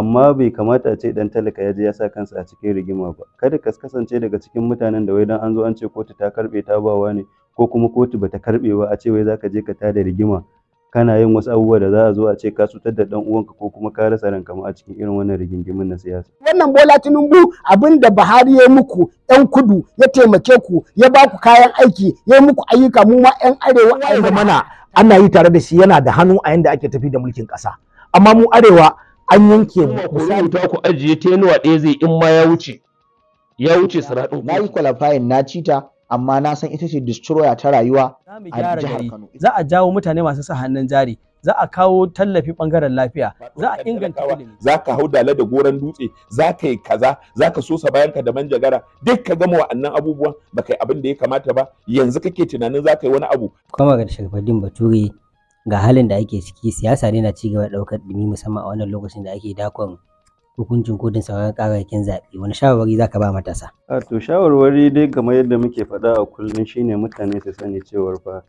amma bai kamata a ce dan talaka ya je ya sa kansa a cikin rigima ba kada ka kasance daga cikin mutanen da wai dan an zo an ce kotu ta karbe ta bawa ne ko kuma kotu bata karbe ba a ce wai zaka je ka tada rigima kana yin wasu abubuwa da za a zo a ce ka cutar da dan uwanka ko kuma ka rasa ranka ma a cikin irin wannan rigingimin na siyasa wannan Bola Tinubu abin da Buhari ya muku ɗan kudu ya taimake ku ya ba ku kayan aiki ya muku ayyuka mu ma yan arewa ai mana ana yi tare da shi yana da hannu a yanda ake tafi da mulkin kasa amma mu arewa an yanke mu misali ta ku ajiye tenuwa ɗaya zai in ma ya wuce ya wuce na yi qualifying na cita amma na san ita ce destroyer ta rayuwa a jihar Kano za a jawo mutane masu sa hannun jari za a kawo tallafi bangaren lafiya za a inganta ilimi za ka hau dala da goran dutse za ka yi kaza za ka sosa bayan ka da manjagara duk ka gama wa'annan abubuwan ba kai abin da ya kamata ba yanzu kake tunanin za ka yi wani abu ga Sharfaddin Bature ga halin da ake ciki siyasa ne na cigaba da ɗaukar ɗumi musamman a wannan lokacin da ake dakon hukuncin kotun sauran kararrakin zaɓe wani shawarwari zaka ba matasa a to shawarwari dai kamar yadda muke faɗa a kullum shine mutane su sani cewar fa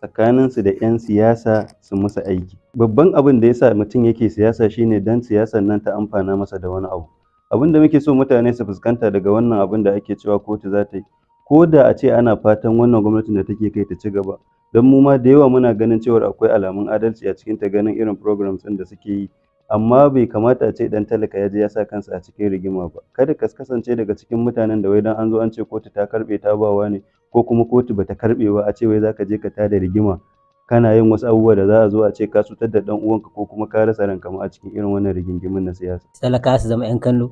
tsakaninsu da 'yan siyasa su musu aiki babban abin da yasa mutum yake siyasa shine dan siyasar nan ta amfana masa da wani abu abin da muke so mutane su fuskanta daga wannan abin da ake cewa kotu za ta yi ko da a ce ana fatan wannan gwamnatin da take kai ta ci gaba don mu ma da yawa muna ganin cewar akwai alamun adalci a cikin ta ganin irin programs ɗin da suke yi amma bai kamata a ce dan talaka ya je ya sa kansa a cikin rigima ba kada ka kasance daga cikin mutanen da wai dan an zo an ce kotu ta karbe ta bawa ne ko kuma kotu bata karbe ba a ce wai zaka je ka tada rigima kana yin wasu abubuwa da za a zo a ce ka cutar da dan uwanka ko kuma ka rasa ranka ma a cikin irin wannan rigingimin na siyasa talaka su zama yan kallo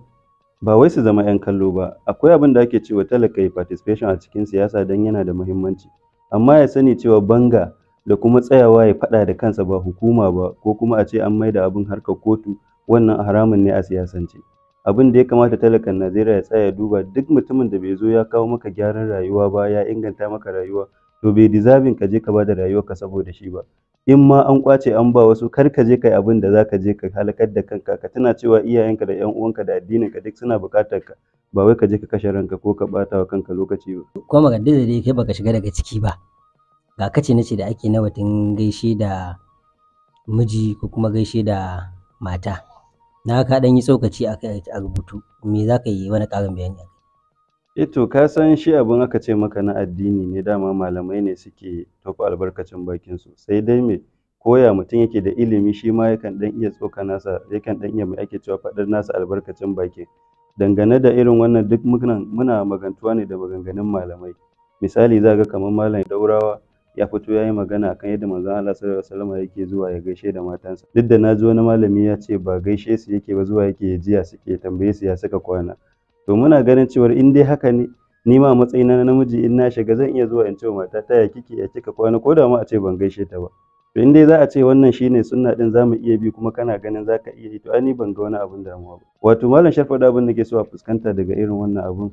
ba wai su zama 'yan kallo ba akwai abin da ake cewa talaka ya participation a cikin siyasa don yana da muhimmanci amma ya sani cewa banga da kuma tsayawa ya faɗa da kansa ba hukuma ba ko kuma a ce an maida abin harkar kotu wannan haramun ne a siyasance abin da ya kamata talakan Najeriya ya tsaya ya duba duk mutumin da bai zo ya kawo maka gyaran rayuwa ba ya inganta maka rayuwa to bai deserving ka je ka bada rayuwarka saboda shi ba in ma an kwace an ba wasu kar ka je kai abin da ka je ka halakar da kanka ka tana cewa iyayenka da yan uwanka da addinin ka duk suna bukatar ka ba wai ka je ka kashe ranka ko ka bata wa kanka lokaci ba ko maganda da dai kai baka shiga daga ciki ba ga kace nace da ake na batun gaishe da miji ko kuma gaishe da mata na ka dan yi tsokaci a rubutu me zaka yi wani karin bayani Eh ka san shi abin aka ce maka na addini ne dama malamai ne suke tofa albarkacin bakin su sai dai me koya mutum yake da ilimi shi ma yakan dan iya tsoka nasa yakan dan iya mai ake cewa faɗar nasa albarkacin baki dangane da irin wannan duk muna muna magantuwa ne da maganganun malamai misali za ga kamar malam Daurawa ya fito ya yi magana akan yadda manzon Allah sallallahu alaihi wasallam yake zuwa ya gaishe da matansa duk da na ji wani malami ya ce ba gaishe su yake ba zuwa yake jiya suke tambaye su ya suka kwana to muna ganin cewar in dai haka ne ni ma matsayina na namiji in na shiga zan iya zuwa in ce wa ta ya kike ya kika kwana ko da ma a ce ban gaishe ta ba to in dai za a ce wannan shine sunna din zamu iya bi kuma kana ganin zaka iya yi to ai ni ban ga wani abin damuwa ba wato malam sharfa da abin da ke so a fuskanta daga irin wannan abun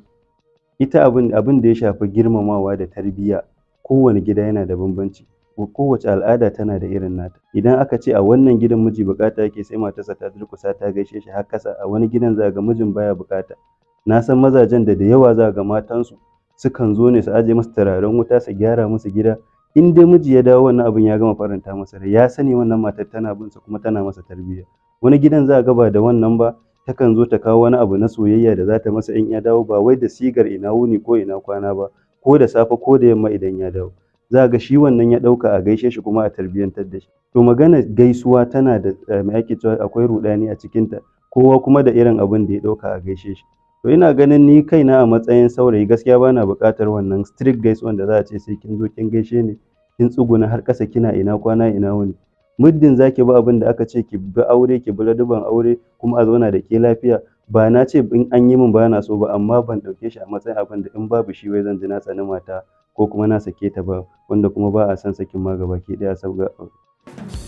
ita abin abin da ya shafi girmamawa da tarbiyya kowane gida yana da bambanci kowace al'ada tana da irin nata idan aka ce a wannan gidan miji bukata yake sai matarsa ta durkusa ta gaishe shi har kasa a wani gidan za ga mijin baya bukata na san mazajen da da yawa za ga matansu sukan zo ne su aje musu turaren wuta su gyara musu gida in dai miji ya dawo wannan abin ya gama faranta masa rai ya sani wannan matar tana bin sa kuma tana masa tarbiyya wani gidan za ga ba da wannan ba takan zo ta kawo wani abu na soyayya da za ta masa in ya dawo ba wai da sigar ina wuni ko ina kwana ba ko da safe ko da yamma idan ya dawo za ga shi wannan ya ɗauka a gaishe shi kuma a tarbiyyantar da shi to magana gaisuwa tana da eh, mai ake cewa akwai rudani a cikinta kowa kuma da irin abin da ya ɗauka a gaishe shi to ina ganin ni kaina a matsayin saurayi gaskiya bana buƙatar wannan strict guys wanda za a ce sai kin zo kin gaishe ni kin tsuguna har kasa kina ina kwana ina wuni muddin zaki bi abin da aka ce ki bi aure ki bi laduban aure kuma a zauna da ke lafiya ba na ce in an yi min ba na so ba amma ban ɗauke shi a matsayin abin da in babu shi wai zan ji na tsani mata ko kuma na sake ta ba wanda kuma ba a son sakin ma gaba ki ɗaya sabga